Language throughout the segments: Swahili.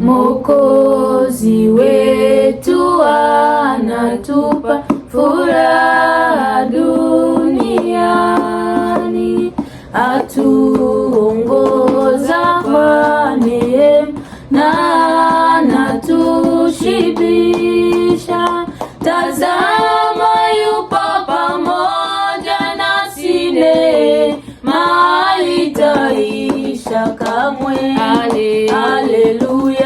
Mokozi wetu anatupa furaha duniani, atuongoza kwa neema na anatushibisha. Tazama, yupo pamoja nasi, neema haitaisha kamwe. aleluya.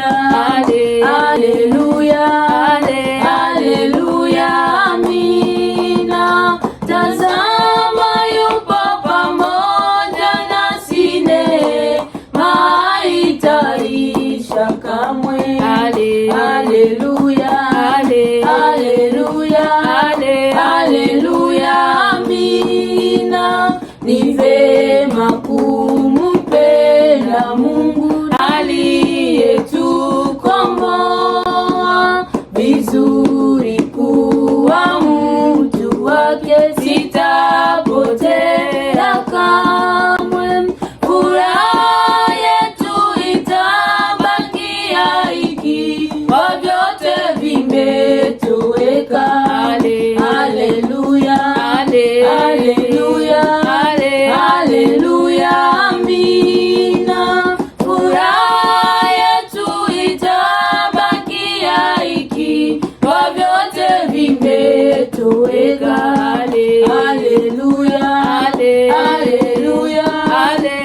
kamwe. Haleluya, haleluya, haleluya, amina. Ni vema kumupenda Mungu.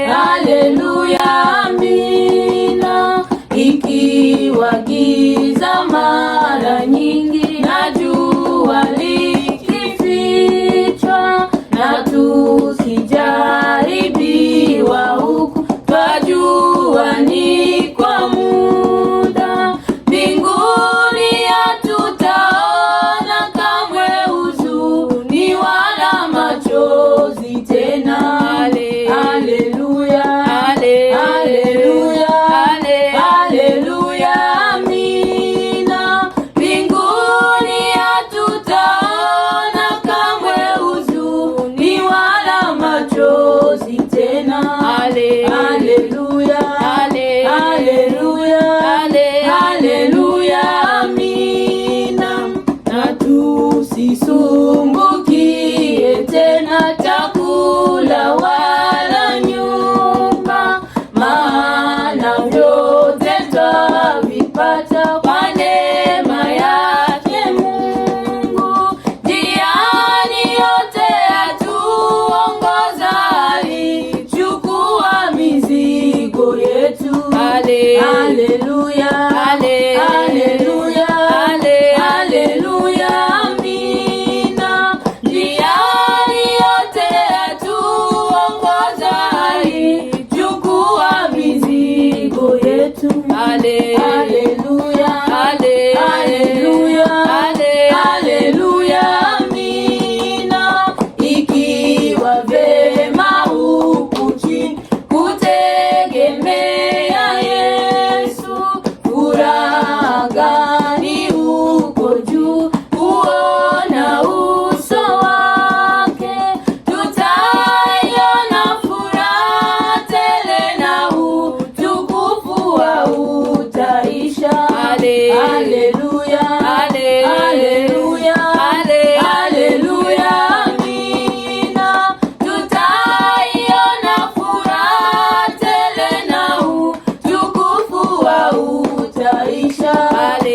Hallelujah. on it.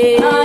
Amen.